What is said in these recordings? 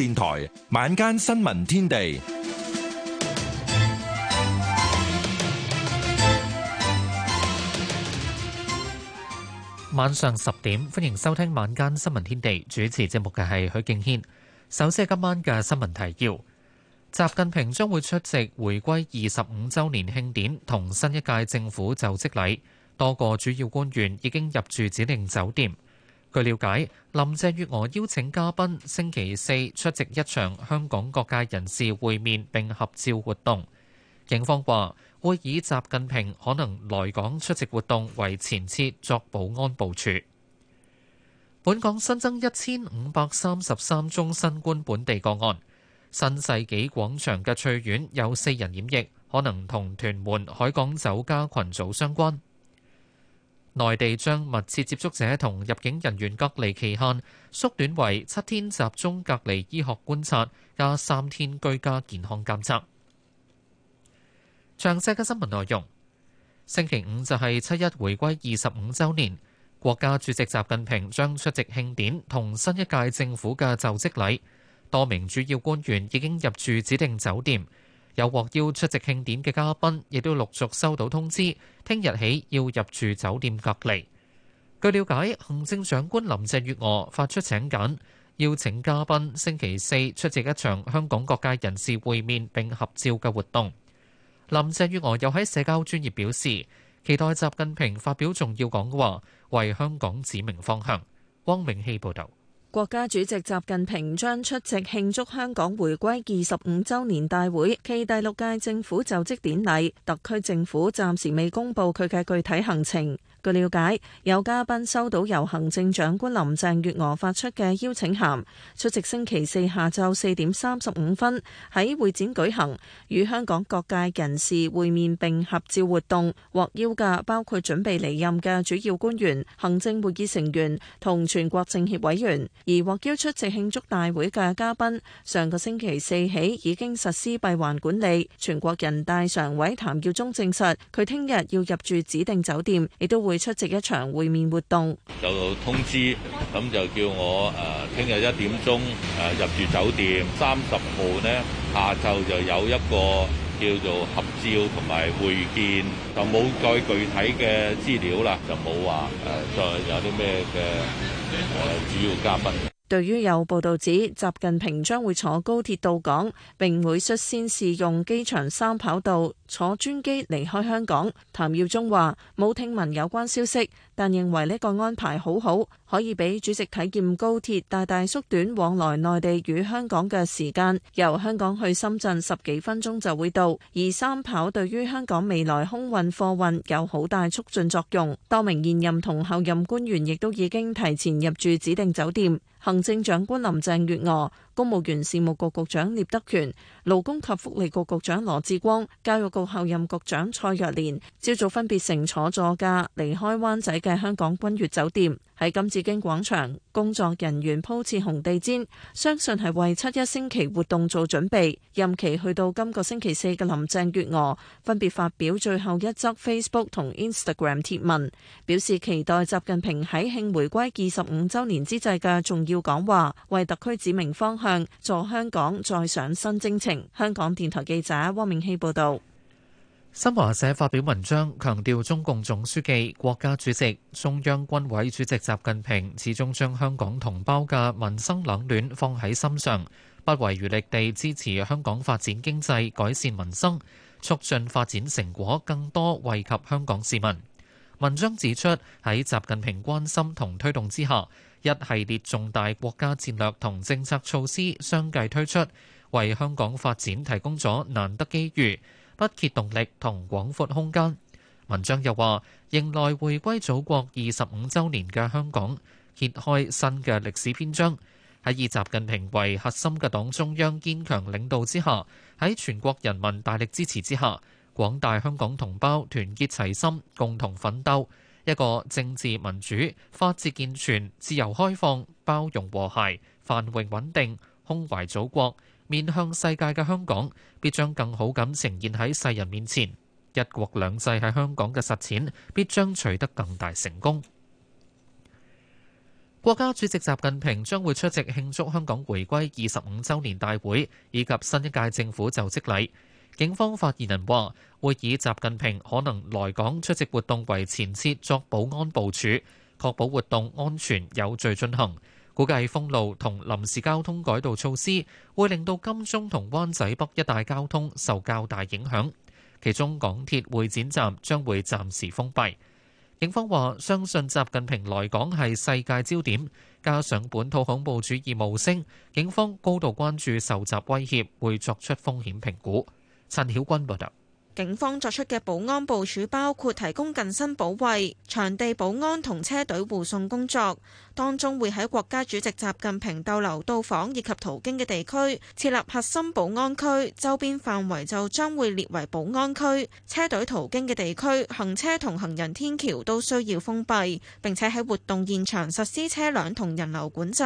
電台晚間新聞天地，晚上十點，歡迎收聽晚間新聞天地。主持節目嘅係許敬軒。首先係今晚嘅新聞提要：習近平將會出席回歸二十五周年慶典同新一屆政府就職禮，多個主要官員已經入住指定酒店。據了解，林鄭月娥邀請嘉賓星期四出席一場香港各界人士會面並合照活動。警方話會以習近平可能來港出席活動為前設作保安部署。本港新增一千五百三十三宗新冠本地個案，新世紀廣場嘅翠苑有四人染疫，可能同屯門海港酒家群組相關。內地將密切接觸者同入境人員隔離期限縮短為七天集中隔離醫學觀察，加三天居家健康監測。詳盡嘅新聞內容，星期五就係七一回歸二十五週年，國家主席習近平將出席慶典同新一屆政府嘅就職禮，多名主要官員已經入住指定酒店。有獲邀出席慶典嘅嘉賓，亦都陸續收到通知，聽日起要入住酒店隔離。據了解，行政長官林鄭月娥發出請柬，邀請嘉賓星期四出席一場香港各界人士會面並合照嘅活動。林鄭月娥又喺社交專業表示，期待習近平發表重要講話，為香港指明方向。汪明熙報導。國家主席習近平將出席慶祝香港回歸二十五周年大會暨第六屆政府就職典禮，特區政府暫時未公布佢嘅具體行程。據了解，有嘉賓收到由行政長官林鄭月娥發出嘅邀請函，出席星期四下晝四點三十五分喺會展舉行與香港各界人士會面並合照活動。獲邀嘅包括準備離任嘅主要官員、行政會議成員同全國政協委員。而獲邀出席慶祝大會嘅嘉賓，上個星期四起已經實施閉環管理。全國人大常委譚耀宗證實，佢聽日要入住指定酒店，亦都會。會出席一場會面活動，就通知咁就叫我誒，聽日一點鐘誒入住酒店。三十號呢，下晝就有一個叫做合照同埋會見，就冇再具體嘅資料啦，就冇話誒再有啲咩嘅誒主要嘉賓。對於有報道指習近平將會坐高鐵到港，並會率先試用機場三跑道坐專機離開香港，譚耀宗話冇聽聞有關消息，但認為呢個安排好好，可以俾主席體驗高鐵，大大縮短往來內地與香港嘅時間。由香港去深圳十幾分鐘就會到，而三跑對於香港未來空運貨運有好大促進作用。多名現任同候任官員亦都已經提前入住指定酒店。行政長官林鄭月娥。公務員事務局局長聶德權、勞工及福利局局長羅志光、教育局候任局長蔡若蓮，朝早分別乘坐座駕離開灣仔嘅香港君悅酒店。喺金紫荊廣場，工作人員鋪設紅地毯，相信係為七一星期活動做準備。任期去到今個星期四嘅林鄭月娥分別發表最後一則 Facebook 同 Instagram 貼文，表示期待習近平喺慶回歸二十五週年之際嘅重要講話，為特區指明方向。向助香港再上新徵程。香港電台記者汪明希報道，新華社發表文章強調，中共總書記、國家主席、中央軍委主席習近平始終將香港同胞嘅民生冷暖放喺心上，不遺餘力地支持香港發展經濟、改善民生、促進發展成果更多惠及香港市民。文章指出，喺習近平關心同推動之下，一系列重大國家戰略同政策措施相繼推出，為香港發展提供咗難得機遇，不竭動力同廣闊空間。文章又話，迎來回歸祖國二十五周年嘅香港，揭開新嘅歷史篇章。喺以習近平為核心嘅黨中央堅強領導之下，喺全國人民大力支持之下，廣大香港同胞團結齊心，共同奮鬥。一個政治民主、法治健全、自由開放、包容和諧、繁榮穩定、胸懷祖國、面向世界嘅香港，必將更好咁呈現喺世人面前。一國兩制喺香港嘅實踐，必將取得更大成功。國家主席習近平將會出席慶祝香港回歸二十五週年大會，以及新一屆政府就職禮。警方發言人話，會以習近平可能來港出席活動為前設，作保安部署，確保活動安全有序進行。估計封路同臨時交通改道措施會令到金鐘同灣仔北一帶交通受較大影響，其中港鐵會展站將會暫時封閉。警方話，相信習近平來港係世界焦點，加上本土恐怖主義無聲，警方高度關注受襲威脅，會作出風險評估。陳曉君報道，警方作出嘅保安部署，包括提供近身保衛、場地保安同車隊護送工作。當中會喺國家主席習近平逗留到訪以及途經嘅地區設立核心保安區，周邊範圍就將會列為保安區。車隊途經嘅地區，行車同行人天橋都需要封閉，並且喺活動現場實施車輛同人流管制。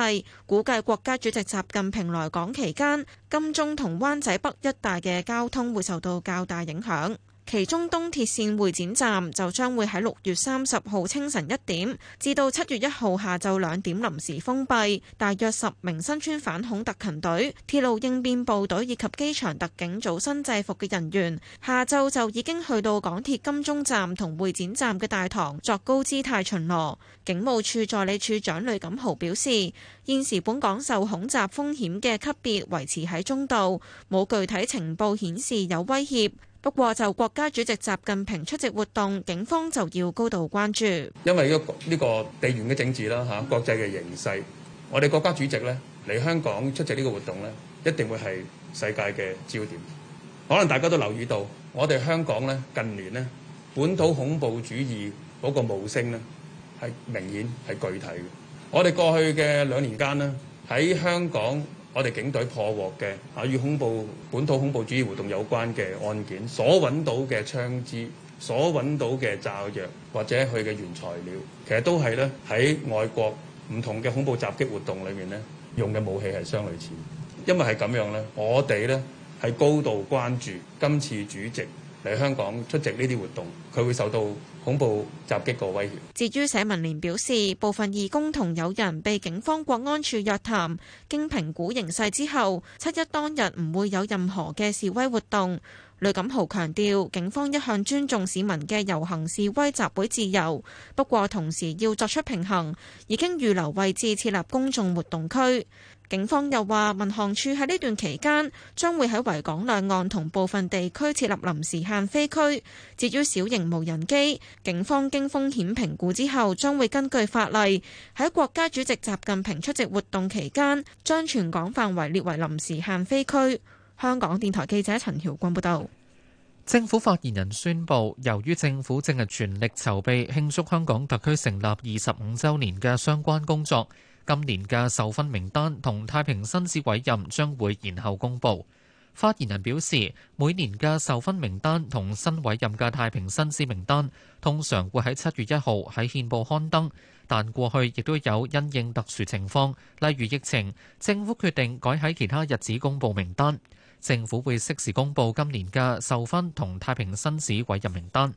估計國家主席習近平來港期間，金鐘同灣仔北一帶嘅交通會受到較大影響。其中，東鐵線會展站就將會喺六月三十號清晨一點至到七月一號下晝兩點臨時封閉。大約十名身穿反恐特勤隊、鐵路應變部隊以及機場特警組新制服嘅人員，下晝就已經去到港鐵金鐘站同會展站嘅大堂作高姿態巡邏。警務處助理處長雷錦豪表示，現時本港受恐襲風險嘅級別維持喺中度，冇具體情報顯示有威脅。不過就國家主席習近平出席活動，警方就要高度關注。因為一個呢個地緣嘅政治啦嚇，國際嘅形勢，我哋國家主席咧嚟香港出席呢個活動咧，一定會係世界嘅焦點。可能大家都留意到，我哋香港咧近年咧本土恐怖主義嗰個無聲咧，係明顯係具體嘅。我哋過去嘅兩年間咧喺香港。我哋警隊破獲嘅啊，與恐怖本土恐怖主義活動有關嘅案件，所揾到嘅槍支、所揾到嘅炸藥或者佢嘅原材料，其實都係咧喺外國唔同嘅恐怖襲擊活動裏面咧用嘅武器係相類似，因為係咁樣咧，我哋咧係高度關注今次主席。嚟香港出席呢啲活動，佢會受到恐怖襲擊個威脅。至於社民聯，表示，部分義工同友人被警方國安處約談，經評估形勢之後，七一當日唔會有任何嘅示威活動。呂錦豪強調，警方一向尊重市民嘅遊行示威集會自由，不過同時要作出平衡，已經預留位置設立公眾活動區。警方又話，民航處喺呢段期間將會喺維港兩岸同部分地區設立臨時限飛區。至於小型無人機，警方經風險評估之後，將會根據法例喺國家主席習近平出席活動期間，將全港範圍列為臨時限飛區。香港電台記者陳曉君報導。政府發言人宣布，由於政府正係全力籌備慶祝香港特區成立二十五週年嘅相關工作。今年嘅授勳名單同太平紳士委任將會延後公布。發言人表示，每年嘅授勳名單同新委任嘅太平紳士名單通常會喺七月一號喺憲報刊登，但過去亦都有因應特殊情況，例如疫情，政府決定改喺其他日子公布名單。政府會適時公布今年嘅授勳同太平紳士委任名單。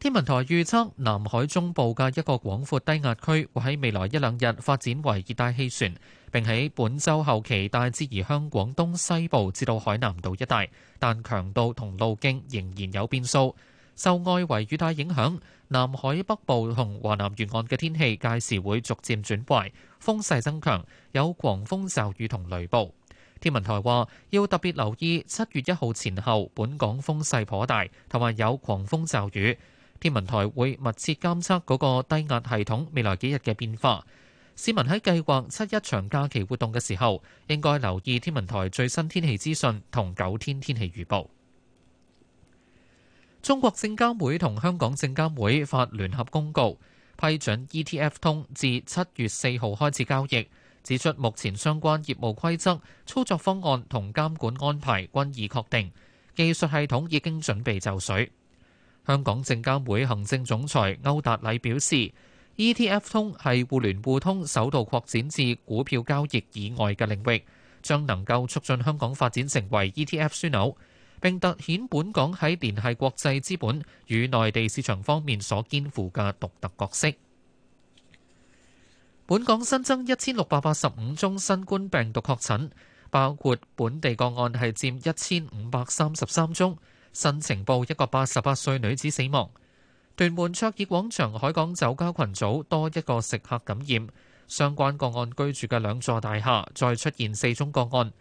天文台預測南海中部嘅一個廣闊低壓區會喺未來一兩日發展為熱帶氣旋，並喺本周後期帶之移向廣東西部至到海南島一帶，但強度同路徑仍然有變數。受外圍雨帶影響，南海北部同華南沿岸嘅天氣屆時會逐漸轉壞，風勢增強，有狂風驟雨同雷暴。天文台話，要特別留意七月一號前後，本港風勢頗大，同埋有,有狂風驟雨。天文台會密切監測嗰個低壓系統未來幾日嘅變化。市民喺計劃七一長假期活動嘅時候，應該留意天文台最新天氣資訊同九天天氣預報。中國證監會同香港證監會發聯合公告，批准 ETF 通自七月四號開始交易，指出目前相關業務規則、操作方案同監管安排均已確定，技術系統已經準備就緒。香港證監會行政總裁歐達禮表示，ETF 通係互聯互通首度擴展至股票交易以外嘅領域，將能夠促進香港發展成為 ETF 樞紐，並凸顯本港喺聯繫國際資本與內地市場方面所肩負嘅獨特角色。本港新增一千六百八十五宗新冠病毒確診，包括本地個案係佔一千五百三十三宗。新情報一個八十八歲女子死亡，屯門卓爾廣場海港酒家群組多一個食客感染，相關個案居住嘅兩座大廈再出現四宗個案，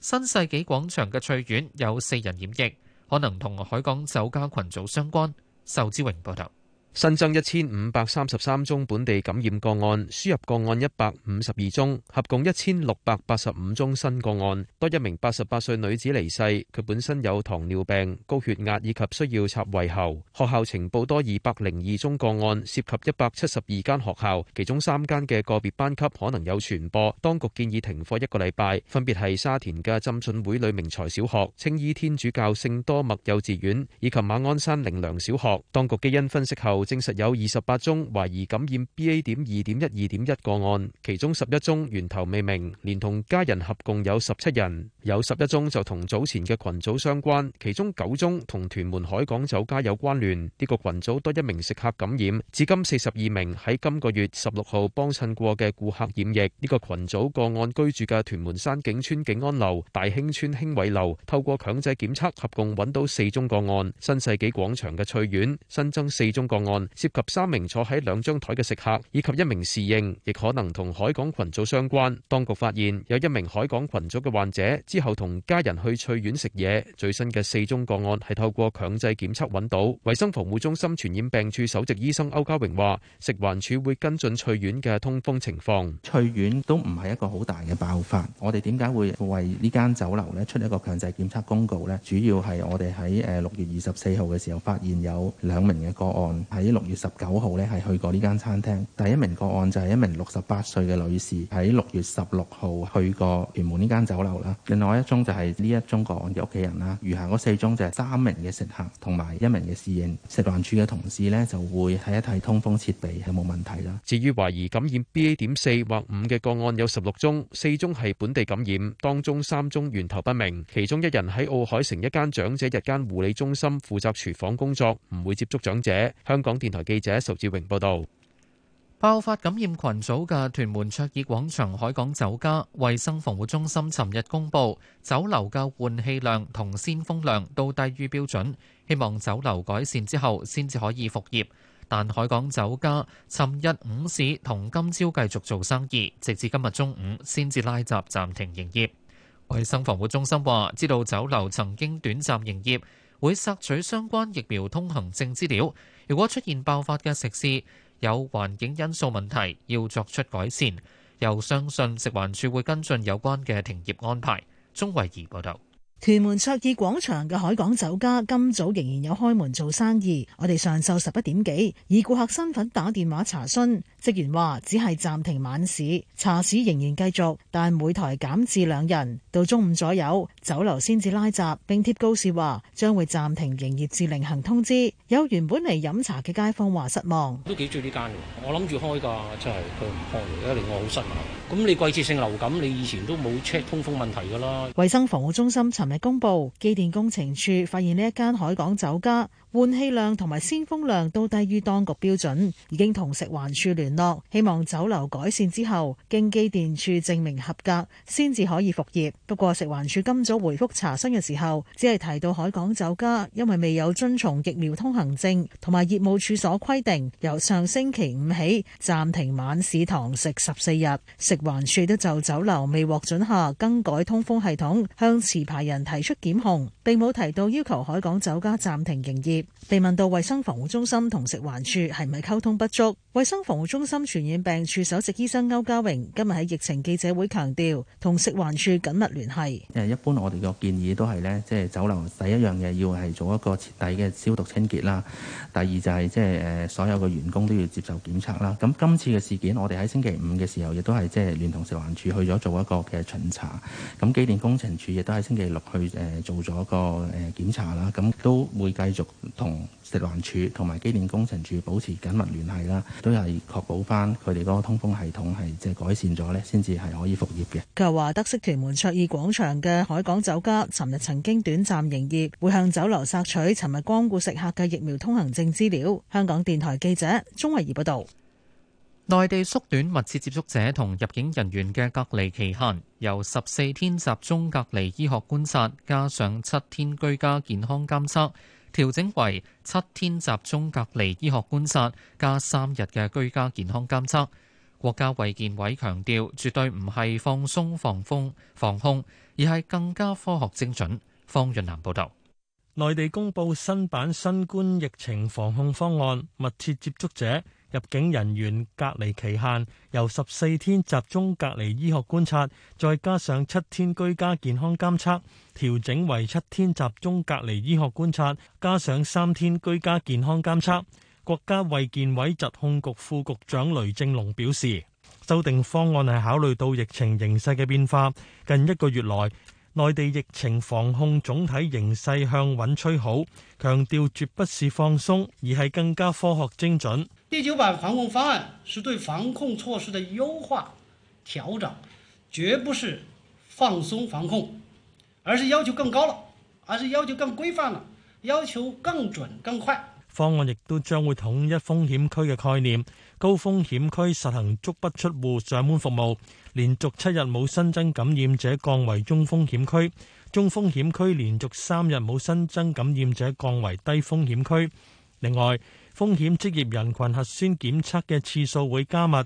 新世紀廣場嘅翠苑有四人染疫，可能同海港酒家群組相關。仇志榮報道。新增一千五百三十三宗本地感染個案，輸入個案一百五十二宗，合共一千六百八十五宗新個案。多一名八十八歲女子離世，佢本身有糖尿病、高血壓以及需要插胃喉。學校情報多二百零二宗個案，涉及一百七十二間學校，其中三間嘅個別班級可能有傳播。當局建議停課一個禮拜，分別係沙田嘅浸信會呂明才小學、青衣天主教聖多默幼稚園以及馬鞍山靈糧小學。當局基因分析後。證實有二十八宗懷疑感染 BA. 點二點一二點一個案，其中十一宗源頭未明，連同家人合共有十七人，有十一宗就同早前嘅群組相關，其中九宗同屯門海港酒家有關聯。呢個群組多一名食客感染，至今四十二名喺今個月十六號幫襯過嘅顧客染疫。呢個群組個案居住嘅屯門山景村景安樓、大興村興偉樓，透過強制檢測，合共揾到四宗個案。新世紀廣場嘅翠苑新增四宗個案。涉及三名坐喺兩張枱嘅食客以及一名侍應，亦可能同海港群組相關。當局發現有一名海港群組嘅患者之後同家人去翠苑食嘢。最新嘅四宗個案係透過強制檢測揾到。衛生防護中心傳染病處首席醫生歐家榮話，食環署會跟進翠苑嘅通風情況。翠苑都唔係一個好大嘅爆發。我哋點解會為呢間酒樓呢，出一個強制檢測公告呢？主要係我哋喺誒六月二十四號嘅時候發現有兩名嘅個案係。喺六月十九號咧，係去過呢間餐廳。第一名個案就係一名六十八歲嘅女士，喺六月十六號去過屯門呢間酒樓啦。另外一宗就係呢一宗個案嘅屋企人啦。餘下嗰四宗就係三名嘅食客同埋一名嘅侍應。食環署嘅同事呢，就會睇一睇通風設備有冇問題啦。至於懷疑感染 B A. 點四或五嘅個案有十六宗，四宗係本地感染，當中三宗源頭不明。其中一人喺奧海城一間長者日間護理中心負責廚房工作，唔會接觸長者。香港香港電台記者仇志榮報道，爆發感染群組嘅屯門卓爾廣場海港酒家衛生防護中心尋日公布，酒樓嘅換氣量同鮮風量都低於標準，希望酒樓改善之後先至可以復業。但海港酒家尋日午市同今朝繼續做生意，直至今日中午先至拉閘暫停營業。衛生防護中心話，知道酒樓曾經短暫營業，會索取相關疫苗通行證資料。如果出現爆發嘅食肆有環境因素問題，要作出改善，又相信食環署會跟進有關嘅停業安排。鐘慧儀報導。屯門卓爾廣場嘅海港酒家今早仍然有開門做生意。我哋上晝十一點幾以顧客身份打電話查詢，職員話只係暫停晚市，茶市仍然繼續，但每台減至兩人。到中午左右，酒樓先至拉閘，並貼告示話將會暫停營業至另行通知。有原本嚟飲茶嘅街坊話失望，都幾中意呢間嘅，我諗住開噶，真係佢唔開嚟，令我好失望。咁你季節性流感，你以前都冇 check 通風問題噶啦。衛生防護中心琴日公布，機電工程處發現呢一間海港酒家換氣量同埋鮮風量都低於當局標準，已經同食環署聯絡，希望酒樓改善之後，經機電處證明合格，先至可以復業。不過食環署今早回覆查詢嘅時候，只係提到海港酒家因為未有遵從疫苗通行證同埋業務處所規定，由上星期五起暫停晚市堂食十四日。食環署都就酒樓未獲准下更改通風系統，向持牌人。人提出檢控，並冇提到要求海港酒家暫停營業。被問到衞生防護中心同食環處係咪溝通不足，衞生防護中心傳染病處首席醫生歐家榮今日喺疫情記者會強調，同食環處緊密聯繫。一般我哋嘅建議都係呢，即係酒樓第一樣嘢要係做一個徹底嘅消毒清潔啦。第二就係即係誒所有嘅員工都要接受檢測啦。咁今次嘅事件，我哋喺星期五嘅時候亦都係即係聯同食環處去咗做一個嘅巡查。咁紀念工程署亦都喺星期六。去誒做咗個誒檢查啦，咁都會繼續同食環署同埋機電工程署保持緊密聯繫啦，都係確保翻佢哋嗰個通風系統係即係改善咗呢先至係可以復業嘅。佢又話得悉屯門卓爾廣場嘅海港酒家，尋日曾經短暫營業，會向酒樓索取尋日光顧食客嘅疫苗通行證資料。香港電台記者鍾慧儀報道。內地縮短密切接觸者同入境人員嘅隔離期限，由十四天集中隔離醫學觀察加上七天居家健康監測，調整為七天集中隔離醫學觀察加三日嘅居家健康監測。國家衛健委強調，絕對唔係放鬆放風防控，而係更加科學精準。方潤南報道，內地公布新版新冠疫情防控方案，密切接觸者。入境人員隔離期限由十四天集中隔離醫學觀察，再加上七天居家健康監測，調整為七天集中隔離醫學觀察，加上三天居家健康監測。國家衛健委疾控局副局長雷正龍表示，修訂方案係考慮到疫情形勢嘅變化。近一個月來，內地疫情防控總體形勢向穩趨好，強調絕不是放鬆，而係更加科學精準。第九版防控方案是對防控措施的優化調整，絕不是放鬆防控，而是要求更高了，而是要求更規範了，要求更準更快。方案亦都將會統一風險區嘅概念，高風險區實行足不出戶上門服務，連續七日冇新增感染者降為中風險區，中風險區連續三日冇新增感染者降為低風險區。另外，風險職業人群核酸檢測嘅次數會加密，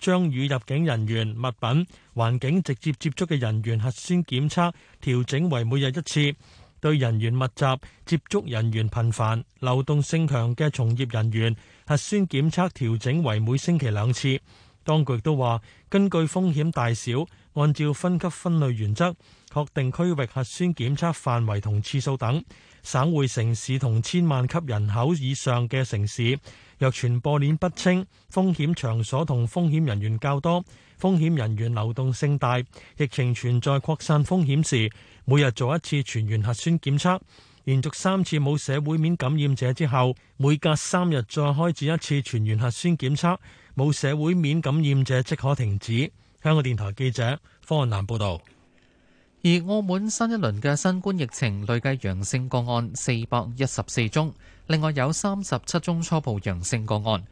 將與入境人員、物品、環境直接接觸嘅人員核酸檢測調整為每日一次；對人員密集、接觸人員頻繁、流動性強嘅從業人員核酸檢測調整為每星期兩次。當局都話，根據風險大小，按照分級分類原則，確定區域核酸檢測範圍同次數等。省會城市同千萬級人口以上嘅城市，若傳播鏈不清、風險場所同風險人員較多、風險人員流動性大、疫情存在擴散風險時，每日做一次全員核酸檢測，連續三次冇社會面感染者之後，每隔三日再開展一次全員核酸檢測，冇社會面感染者即可停止。香港電台記者方南報道。而澳門新一輪嘅新冠疫情累計陽性個案四百一十四宗，另外有三十七宗初步陽性個案。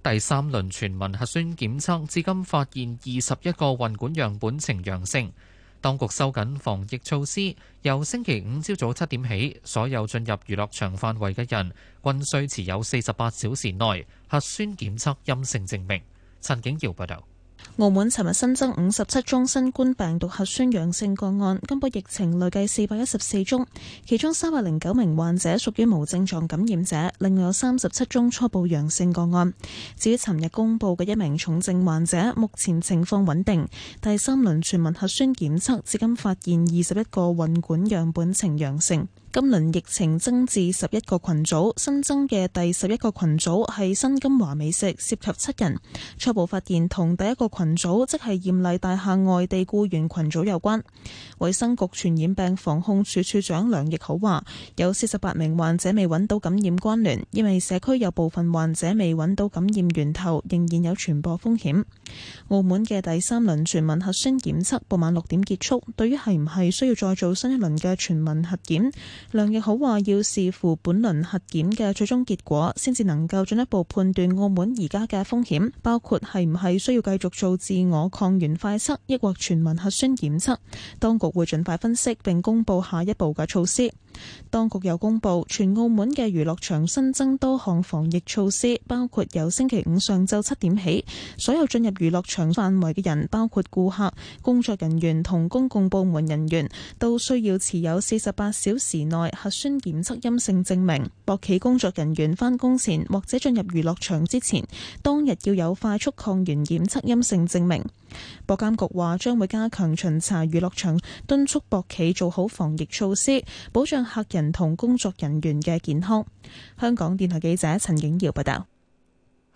第三輪全民核酸檢測至今發現二十一個運管樣本呈陽性。當局收緊防疫措施，由星期五朝早七點起，所有進入娛樂場範圍嘅人均需持有四十八小時內核酸檢測陰性證明。陳景堯報導。澳門尋日新增五十七宗新冠病毒核酸陽性個案，今波疫情累計四百一十四宗，其中三百零九名患者屬於無症狀感染者，另外有三十七宗初步陽性個案。至於尋日公布嘅一名重症患者，目前情況穩定。第三輪全民核酸檢測至今發現二十一個混管樣本呈陽性。今輪疫情增至十一個群組，新增嘅第十一個群組係新金華美食，涉及七人，初步發現同第一個群組即係艷麗大廈外地僱員群組有關。衛生局傳染病防控處處長梁亦好話，有四十八名患者未揾到感染關聯，因為社區有部分患者未揾到感染源頭，仍然有傳播風險。澳門嘅第三輪全民核酸檢測傍晚六點結束，對於係唔係需要再做新一輪嘅全民核檢。梁亦好話要視乎本輪核檢嘅最終結果，先至能夠進一步判斷澳門而家嘅風險，包括係唔係需要繼續做自我抗原快測，抑或全民核酸檢測。當局會盡快分析並公布下一步嘅措施。當局又公布，全澳門嘅娛樂場新增多項防疫措施，包括由星期五上晝七點起，所有進入娛樂場範圍嘅人，包括顧客、工作人員同公共部門人員，都需要持有四十八小時內核酸檢測陰性證明。博企工作人員返工前或者進入娛樂場之前，當日要有快速抗原檢測陰性證明。博監局話將會加強巡查娛樂場，敦促博企做好防疫措施，保障客人同工作人員嘅健康。香港電台記者陳景堯報道。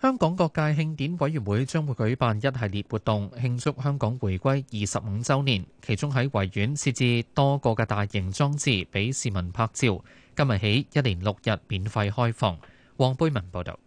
香港各界慶典委員會將會舉辦一系列活動慶祝香港回歸二十五周年，其中喺維園設置多個嘅大型裝置俾市民拍照。今日起，一連六日免費開放。黃貝文報道。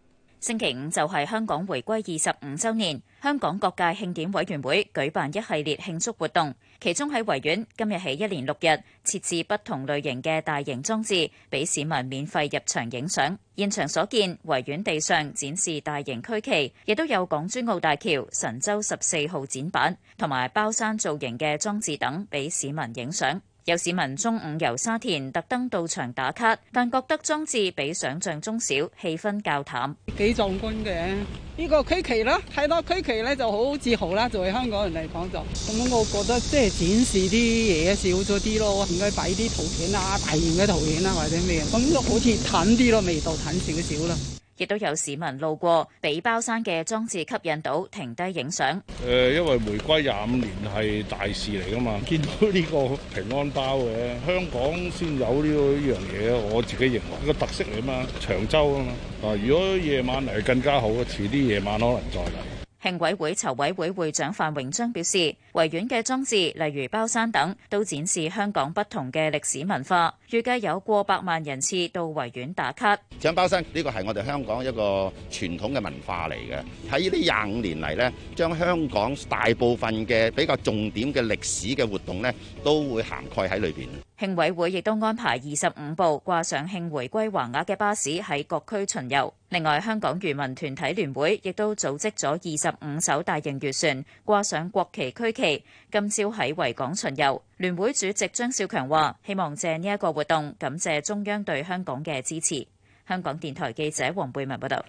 星期五就係香港回歸二十五週年，香港各界慶典委員會舉辦一系列慶祝活動，其中喺維園今日起一連六日設置不同類型嘅大型裝置，俾市民免費入場影相。現場所見，維園地上展示大型區旗，亦都有港珠澳大橋神州、神舟十四號展板同埋包山造型嘅裝置等，俾市民影相。有市民中午由沙田特登到場打卡，但覺得裝置比想像中小，氣氛較淡。幾壯觀嘅呢個區旗咯，睇到區旗咧就好自豪啦，作為香港人嚟講就。咁我覺得即係展示啲嘢少咗啲咯，應該擺啲圖片啊，大型嘅圖片啊或者咩，咁都好似淡啲咯，味道淡少少啦。亦都有市民路過，俾包山嘅裝置吸引到，停低影相。誒，因為回歸廿五年係大事嚟噶嘛，見到呢個平安包嘅香港先有呢、呢個呢樣嘢，我自己認為個特色嚟嘛，長洲啊嘛。嗱，如果夜晚嚟更加好啊，遲啲夜晚可能再嚟。慶委會籌委會會長范榮章表示，維園嘅裝置，例如包山等，都展示香港不同嘅歷史文化。預計有過百萬人次到維園打卡。搶包山呢個係我哋香港一個傳統嘅文化嚟嘅，喺呢啲廿五年嚟呢，將香港大部分嘅比較重點嘅歷史嘅活動呢，都會涵蓋喺裏邊。慶委會亦都安排二十五部掛上慶回歸橫額嘅巴士喺各區巡遊。另外，香港漁民團體聯會亦都組織咗二十五艘大型漁船掛上國旗區旗，今朝喺維港巡遊。聯會主席張少強話：希望借呢一個活動感謝中央對香港嘅支持。香港電台記者黃貝文報道。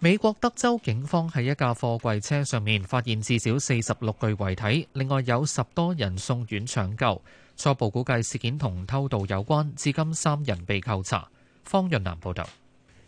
美國德州警方喺一架貨櫃車上面發現至少四十六具遺體，另外有十多人送院搶救。初步估計事件同偷渡有關，至今三人被扣查。方潤南報道。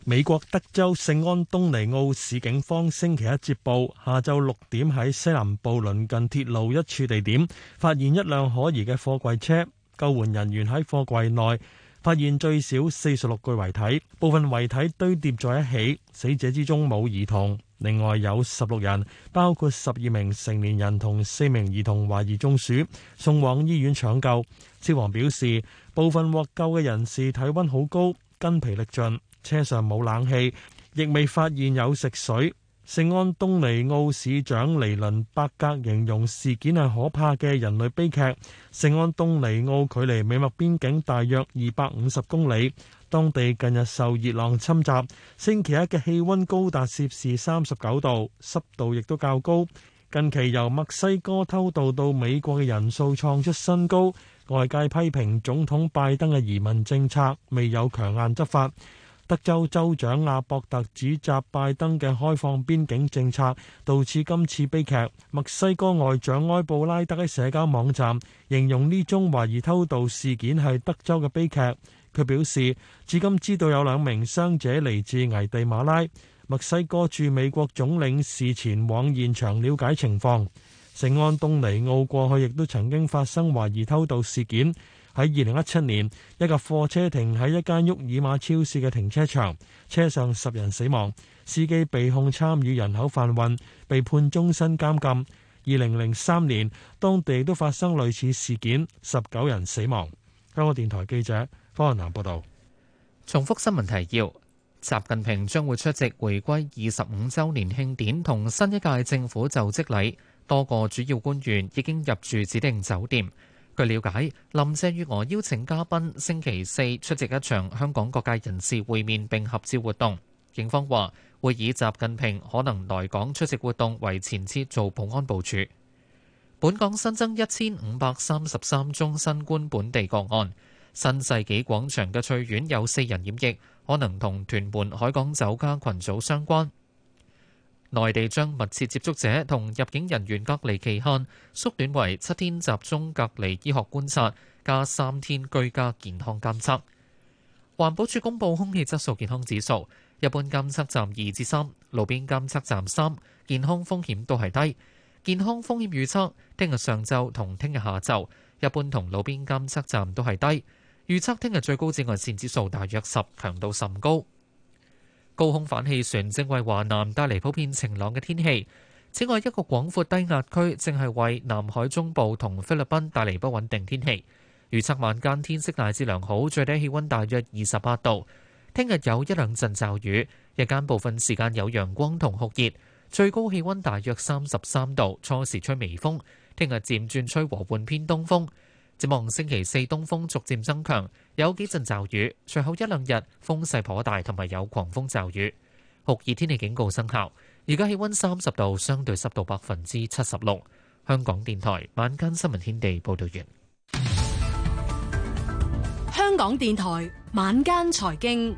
美國德州聖安東尼奧市警方星期一接報，下晝六點喺西南部鄰近鐵路一處地點發現一輛可疑嘅貨櫃車。救援人員喺貨櫃內發現最少四十六具遺體，部分遺體堆疊在一起。死者之中冇兒童。另外有十六人，包括十二名成年人同四名兒童，懷疑中暑，送往醫院搶救。消防表示，部分獲救嘅人士體温好高，筋疲力盡。車上冇冷氣，亦未發現有食水。聖安東尼奧市長尼倫伯格形容事件係可怕嘅人類悲劇。聖安東尼奧距離美墨邊境大約二百五十公里，當地近日受熱浪侵襲，星期一嘅氣温高達攝氏三十九度，濕度亦都較高。近期由墨西哥偷渡到美國嘅人數創出新高，外界批評總統拜登嘅移民政策未有強硬執法。德州州長阿伯特指責拜登嘅開放邊境政策導致今次悲劇。墨西哥外長埃布拉德喺社交網站形容呢宗懷疑偷渡事件係德州嘅悲劇。佢表示，至今知道有兩名傷者嚟自危地馬拉。墨西哥駐美國總領事前往現場了解情況。聖安東尼奧過去亦都曾經發生懷疑偷渡事件。喺二零一七年，一架貨車停喺一間沃爾瑪超市嘅停車場，車上十人死亡，司機被控參與人口販運，被判終身監禁。二零零三年，當地都發生類似事件，十九人死亡。香港電台記者方雲南報道。重複新聞提要：習近平將會出席回歸二十五周年慶典同新一屆政府就職禮，多個主要官員已經入住指定酒店。據了解，林鄭月娥邀請嘉賓星期四出席一場香港各界人士會面，並合照活動。警方話會以習近平可能來港出席活動為前設做保安部署。本港新增一千五百三十三宗新冠本地個案，新世紀廣場嘅翠苑有四人染疫，可能同屯門海港酒家群組相關。內地將密切接觸者同入境人員隔離期限縮短為七天集中隔離醫學觀察，加三天居家健康監測。環保署公布空氣質素健康指數，一般監測站二至三，3, 路邊監測站三，健康風險都係低。健康風險預測，聽日上晝同聽日下晝，一般同路邊監測站都係低。預測聽日最高紫外線指數大約十，強度甚高。高空反氣旋正為華南帶嚟普遍晴朗嘅天氣。此外，一個廣闊低壓區正係為南海中部同菲律賓帶嚟不穩定天氣。預測晚間天色大致良好，最低氣温大約二十八度。聽日有一兩陣驟雨，日間部分時間有陽光同酷熱，最高氣温大約三十三度。初時吹微風，聽日漸轉吹和緩偏東風。展望星期四東風逐漸增強，有幾陣驟雨，隨後一兩日風勢頗大，同埋有狂風驟雨，酷熱天氣警告生效。而家氣溫三十度，相對濕度百分之七十六。香港電台晚間新聞天地報道完。香港電台晚間財經，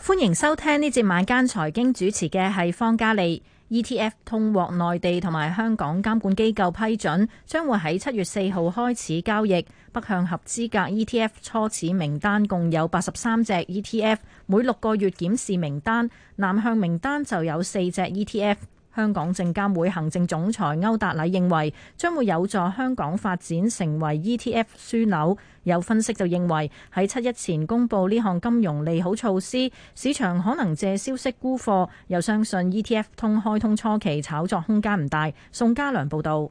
歡迎收聽呢節晚間財經，主持嘅係方嘉莉。ETF 通獲內地同埋香港監管機構批准，將會喺七月四號開始交易。北向合資格 ETF 初始名單共有八十三隻 ETF，每六個月檢視名單；南向名單就有四隻 ETF。香港證監會行政總裁歐達禮認為將會有助香港發展成為 ETF 樞紐，有分析就認為喺七一前公布呢項金融利好措施，市場可能借消息沽貨，又相信 ETF 通開通初期炒作空間唔大。宋家良報道。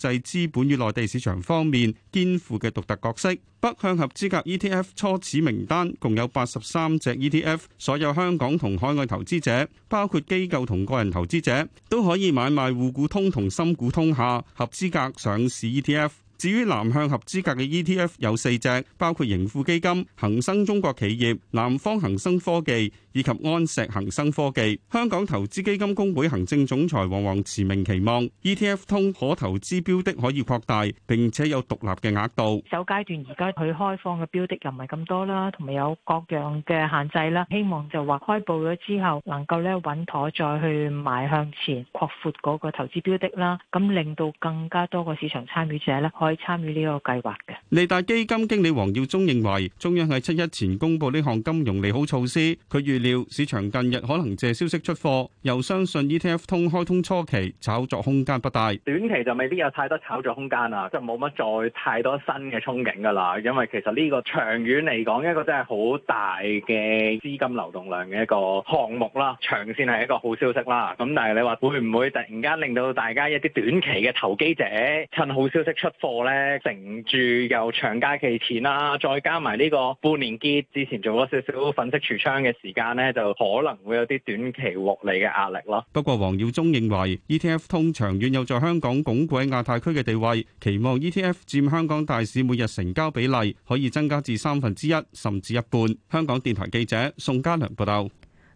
制資本與內地市場方面肩負嘅獨特角色，北向合資格 ETF 初始名單共有八十三隻 ETF，所有香港同海外投資者，包括機構同個人投資者，都可以買賣互股通同深股通下合資格上市 ETF。至於南向合資格嘅 ETF 有四隻，包括盈富基金、恒生中國企業、南方恒生科技。以及安石恒生科技，香港投資基金公會行政總裁黃王慈明期望 ETF 通可投資標的可以擴大，並且有獨立嘅額度。首階段而家佢開放嘅標的又唔係咁多啦，同埋有各樣嘅限制啦。希望就話開步咗之後，能夠咧穩妥再去邁向前擴闊嗰個投資標的啦，咁令到更加多個市場參與者咧可以參與呢個計劃嘅。利達基金經理黃耀忠認為，中央喺七一前公布呢項金融利好措施，佢預。料市場近日可能借消息出貨，又相信 ETF 通開通初期炒作空間不大，短期就未必有太多炒作空間啦，即係冇乜再太多新嘅憧憬㗎啦。因為其實呢個長遠嚟講，一個真係好大嘅資金流動量嘅一個項目啦。長線係一個好消息啦。咁但係你話會唔會突然間令到大家一啲短期嘅投機者趁好消息出貨呢，乘住又長假期前啦，再加埋呢個半年結之前做咗少少粉色櫥窗嘅時間。呢就可能會有啲短期獲利嘅壓力咯。不過，黃耀宗認為 ETF 通長遠有在香港鞏固亞太區嘅地位，期望 ETF 佔香港大市每日成交比例可以增加至三分之一甚至一半。香港電台記者宋家良報道。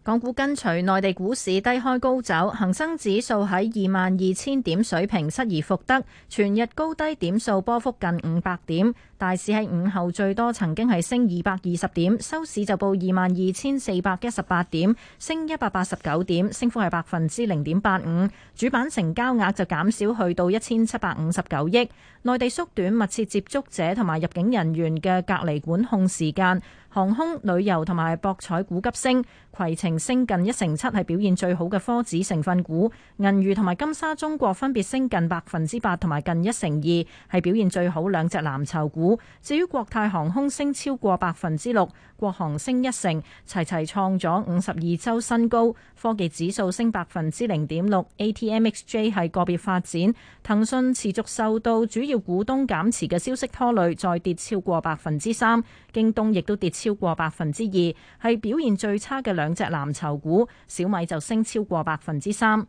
港股跟隨內地股市低開高走，恆生指數喺二萬二千點水平失而復得，全日高低點數波幅近五百點。大市喺午後最多曾經係升二百二十點，收市就報二萬二千四百一十八點，升一百八十九點，升幅係百分之零點八五。主板成交額就減少去到一千七百五十九億。內地縮短密切接觸者同埋入境人員嘅隔離管控時間。航空、旅遊同埋博彩股急升，携程升近一成七係表現最好嘅科指成分股。銀娛同埋金沙中國分別升近百分之八同埋近一成二，係表現最好兩隻藍籌股。至於國泰航空升超過百分之六，國航升一成，齊齊創咗五十二周新高。科技指數升百分之零點六，ATMXJ 係個別發展。騰訊持續受到主要股東減持嘅消息拖累，再跌超過百分之三。京東亦都跌超過百分之二，係表現最差嘅兩隻藍籌股。小米就升超過百分之三。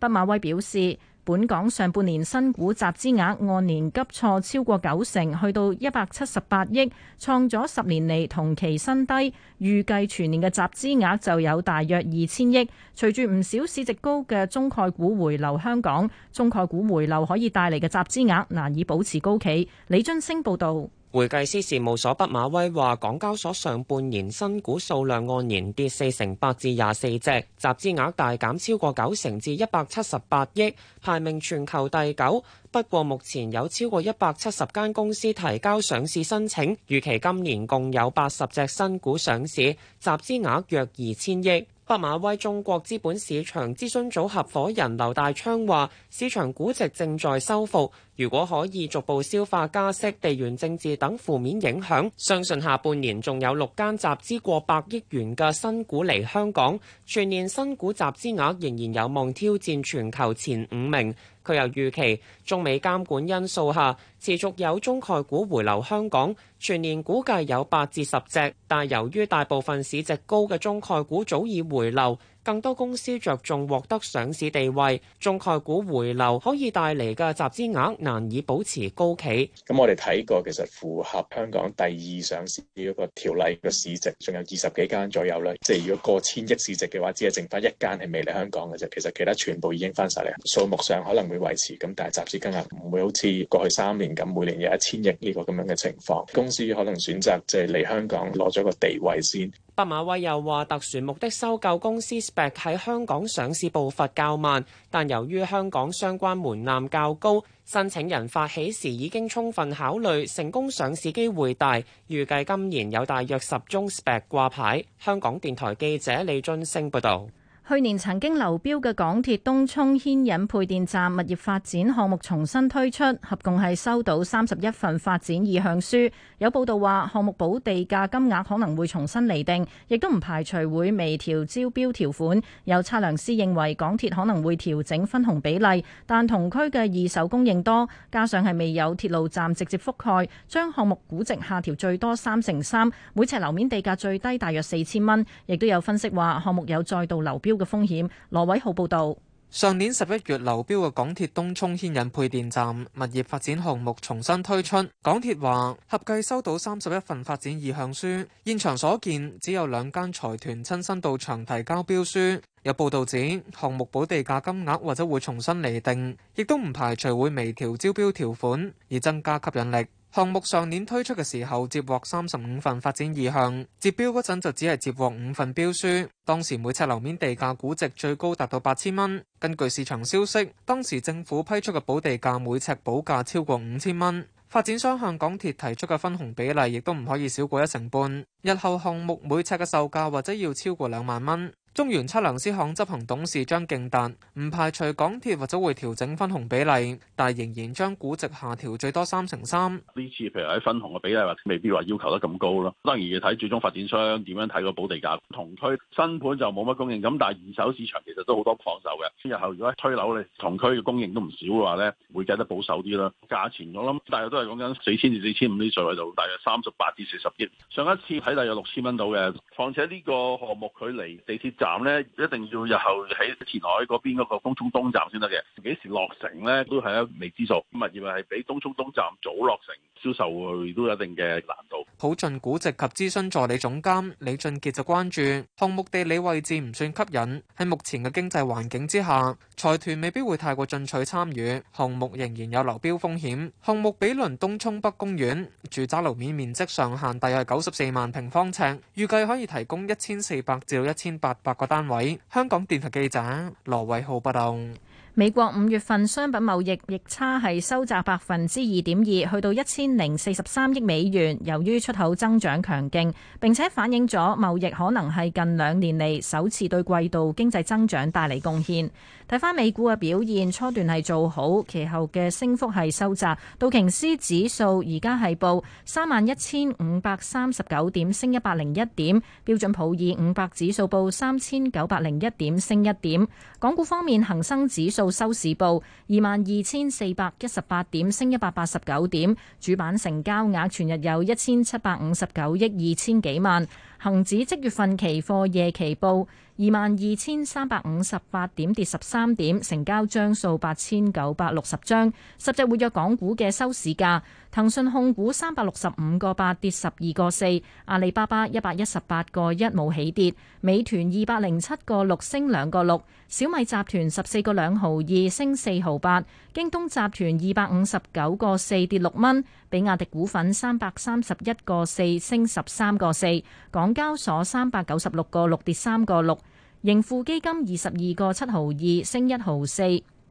畢馬威表示。本港上半年新股集資額按年急挫超過九成，去到一百七十八億，創咗十年嚟同期新低。預計全年嘅集資額就有大約二千億。隨住唔少市值高嘅中概股回流香港，中概股回流可以帶嚟嘅集資額難以保持高企。李津升報道。會計師事務所畢馬威話，港交所上半年新股數量按年跌四成八至廿四隻，集資額大減超過九成至一百七十八億，排名全球第九。不過目前有超過一百七十間公司提交上市申請，預期今年共有八十隻新股上市，集資額約二千億。畢馬威中國資本市場諮詢組合伙人劉大昌話，市場估值，正在修復，如果可以逐步消化加息、地緣政治等負面影響，相信下半年仲有六間集資過百億元嘅新股嚟香港，全年新股集資額仍然有望挑戰全球前五名。佢又預期中美監管因素下，持續有中概股回流香港，全年估計有八至十隻，但係由於大部分市值高嘅中概股早已回流，更多公司着重獲得上市地位，中概股回流可以帶嚟嘅集資額難以保持高企。咁我哋睇過，其實符合香港第二上市嗰個條例嘅市值，仲有二十幾間左右啦。即係如果過千億市值嘅話，只係剩翻一間係未嚟香港嘅啫。其實其他全部已經翻晒嚟，數目上可能會維持咁，但係集資金額唔會好似過去三年。咁每年有一千億呢個咁樣嘅情況，公司可能選擇即係嚟香港攞咗個地位先。白馬威又話：特殊目的收購公司 Spec 喺香港上市步伐較慢，但由於香港相關門檻較高，申請人發起時已經充分考慮成功上市機會大，預計今年有大約十宗 Spec 掛牌。香港電台記者李俊升報導。去年曾經流標嘅港鐵東涌牽引配電站物業發展項目重新推出，合共係收到三十一份發展意向書。有報道話，項目補地價金額可能會重新釐定，亦都唔排除會微調招標條款。有測量師認為港鐵可能會調整分紅比例，但同區嘅二手供應多，加上係未有鐵路站直接覆蓋，將項目估值下調最多三成三，每尺樓面地價最低大約四千蚊。亦都有分析話，項目有再度流標嘅風險。羅偉浩報導，上年十一月流標嘅港鐵東涌牽引配電站物業發展項目重新推出。港鐵話合計收到三十一份發展意向書，現場所見只有兩間財團親身到場提交標書。有報導指項目補地價金額或者會重新釐定，亦都唔排除會微調招標條款以增加吸引力。項目上年推出嘅時候接獲三十五份發展意向，截標嗰陣就只係接獲五份標書。當時每尺樓面地價估值最高達到八千蚊。根據市場消息，當時政府批出嘅補地價每尺補價超過五千蚊。發展商向港鐵提出嘅分紅比例亦都唔可以少過一成半。日後項目每尺嘅售價或者要超過兩萬蚊。中原測量師行執行董事張勁達唔排除港鐵或者會調整分紅比例，但係仍然將估值下調最多三成三。呢次譬如喺分紅嘅比例，或者未必話要求得咁高咯。當然要睇最終發展商點樣睇個保地價。同區新盤就冇乜供應，咁但係二手市場其實都好多放售嘅。日後如果推樓你同區嘅供應都唔少嘅話咧，會計得保守啲咯。價錢我諗大概都係講緊四千至四千五呢個位數，大概三十八至四十億。上一次睇到有六千蚊到嘅，況且呢個項目距離地鐵站呢一定要日後喺前海嗰邊嗰個東涌東站先得嘅，幾時落成呢？都係一未知數。咁啊，認為係比東涌東站早落成銷售去都有一定嘅難度。普縉估值及諮詢助理總監李俊傑就關注項目地理位置唔算吸引，喺目前嘅經濟環境之下，財團未必會太過進取參與。項目仍然有流標風險。項目比鄰東涌北公園，住宅樓面面積上限大約九十四萬平方尺，預計可以提供一千四百至一千八百八個單位，香港電台記者羅偉浩報道。美國五月份商品貿易逆差係收窄百分之二點二，去到一千零四十三億美元。由於出口增長強勁，並且反映咗貿易可能係近兩年嚟，首次對季度經濟增長帶嚟貢獻。睇翻美股嘅表現，初段係做好，其後嘅升幅係收窄。道瓊斯指數而家係報三萬一千五百三十九點，升一百零一點。標準普爾五百指數報三千九百零一點，升一點。港股方面，恒生指數收市報二萬二千四百一十八點，升一百八十九點。主板成交額全日有一千七百五十九億二千幾萬。恒指即月份期貨夜期報。二萬二千三百五十八點，跌十三點，成交張數八千九百六十張。十隻活躍港股嘅收市價：騰訊控股三百六十五個八跌十二個四，阿里巴巴一百一十八個一冇起跌，美團二百零七個六升兩個六，小米集團十四個兩毫二升四毫八，京東集團二百五十九個四跌六蚊，比亞迪股份三百三十一個四升十三個四，港交所三百九十六個六跌三個六。盈富基金二十二個七毫二升一毫四，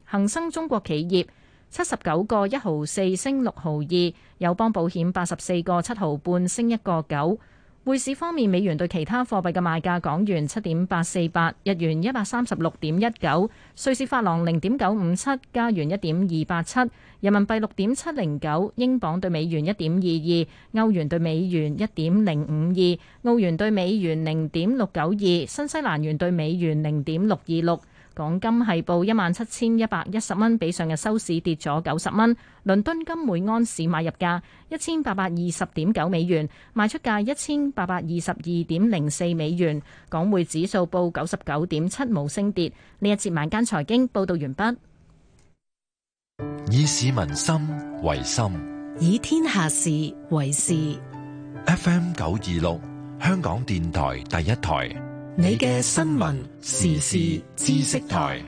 恒生中國企業七十九個一毫四升六毫二，友邦保險八十四個七毫半升一個九。forcé certains politiques 匯市方面，美元對其他貨幣嘅賣價：港元七點八四八，日元一百三十六點一九，瑞士法郎零點九五七，加元一點二八七，人民幣六點七零九，英鎊兌美元一點二二，歐元兌美元一點零五二，澳元兌美元零點六九二，新西蘭元兌美元零點六二六。港金係報一萬七千一百一十蚊，比上日收市跌咗九十蚊。倫敦金每安士買入價一千八百二十點九美元，賣出價一千八百二十二點零四美元。港匯指數報九十九點七五升跌。呢一節晚間財經報道完畢。以市民心為心，以天下事為事。FM 九二六，香港電台第一台。你嘅新聞時事知識台，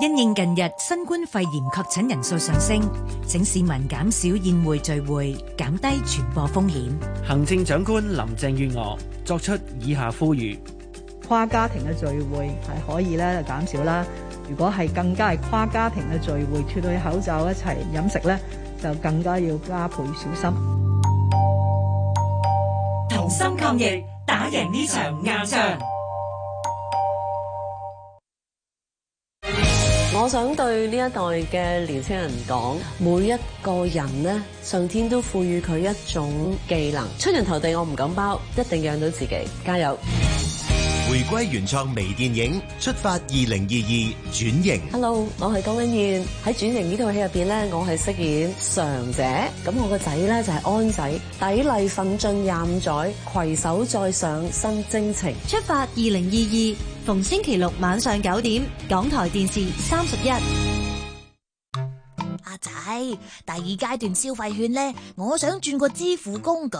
因應近日新冠肺炎確診人數上升，請市民減少宴會聚會，減低傳播風險。行政長官林鄭月娥作出以下呼籲：跨家庭嘅聚會係可以咧減少啦，如果係更加係跨家庭嘅聚會，脫去口罩一齊飲食咧，就更加要加倍小心。同心抗疫，打贏呢場硬仗。我想對呢一代嘅年輕人講，每一個人呢，上天都賦予佢一種技能，出人頭地我唔敢包，一定養到自己，加油。回歸原創微電影《出發二零二二轉型》。Hello，我係江恩燕，喺轉型呢套戲入邊咧，我係飾演常姐。咁我個仔咧就係安仔。砥礪奮進廿五載，攜手再上新征程。《出發二零二二》逢星期六晚上九點，港台電視三十一。阿仔，第二階段消費券咧，我想轉個支付工具，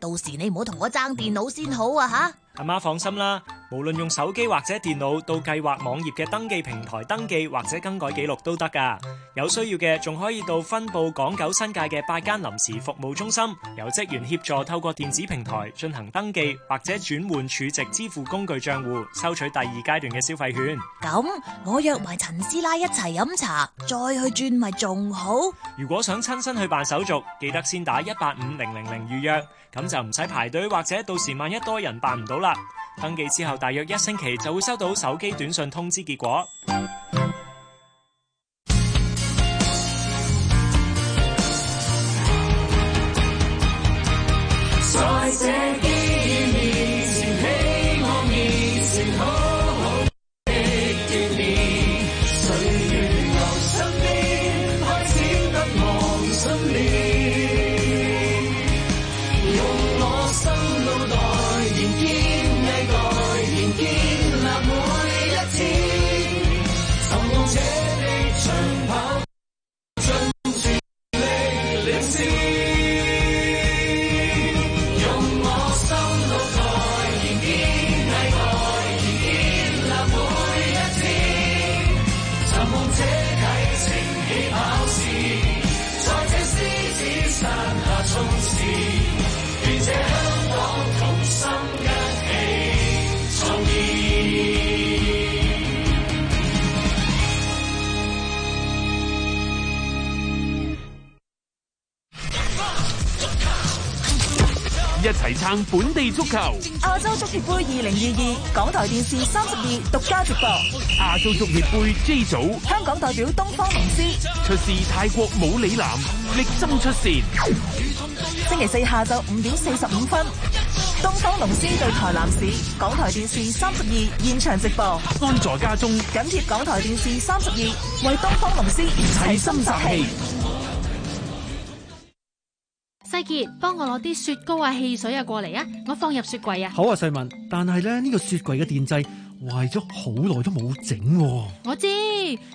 到時你唔好同我爭電腦先好啊吓！阿媽放心啦，無論用手機或者電腦到計劃網頁嘅登記平台登記或者更改記錄都得㗎。有需要嘅仲可以到分佈港九新界嘅八間臨時服務中心，由職員協助透過電子平台進行登記或者轉換儲值支付工具賬戶收取第二階段嘅消費券。咁我約埋陳師奶一齊飲茶，再去轉咪仲好？如果想親身去辦手續，記得先打一八五零零零預約。咁就唔使排隊，或者到時萬一多人辦唔到啦。登記之後，大約一星期就會收到手機短信通知結果。亞洲足協杯二零二二，港台電視三十二獨家直播。亞洲足協杯 G 組，香港代表東方龍獅，出戰泰國武里南，力爭出線。星期四下晝五點四十五分，東方龍獅對台南市，港台電視三十二現場直播。安坐家中，緊貼港台電視三十二，為東方龍獅齊心集氣。幫我攞啲雪糕啊、汽水啊過嚟啊，我放入雪櫃啊。好啊，細文，但係咧呢、呢個雪櫃嘅電掣。壞咗好耐都冇整，啊，我知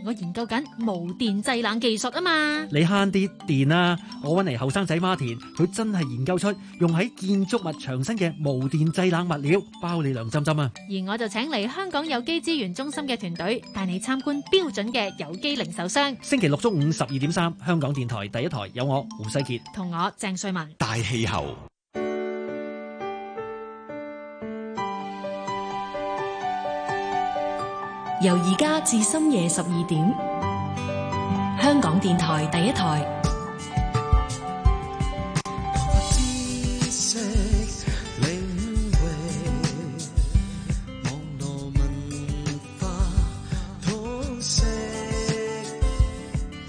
我研究緊無電製冷技術啊嘛。你慳啲電啊，我搵嚟後生仔孖田，佢真係研究出用喺建築物牆身嘅無電製冷物料，包你涼浸浸啊！而我就請嚟香港有機資源中心嘅團隊帶你參觀標準嘅有機零售商。星期六中午十二點三，香港電台第一台有我胡世杰同我鄭瑞文，大氣候。由而家至深夜十二點，香港電台第一台。